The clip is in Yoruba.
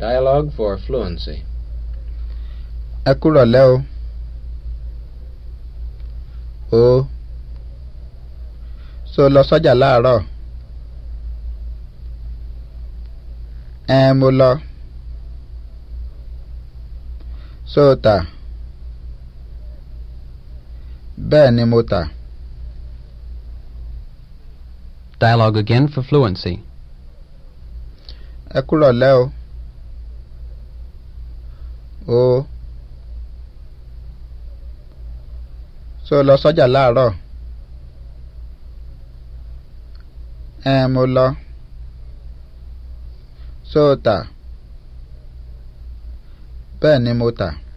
Dialogue for fluency. Ẹ kúrọ̀ lẹ́ o. O. So lọ sọ́jà láàárọ̀. Ẹ mo lọ. So tà. Bẹ́ẹ̀ ni mo tà. Dialogue again for fluency. Ẹ kúrọ̀ lẹ́ o o so lọ sọ́jà láàárọ̀ ẹ mo lọ so tà bẹ́ẹ̀ ni mo tà. So,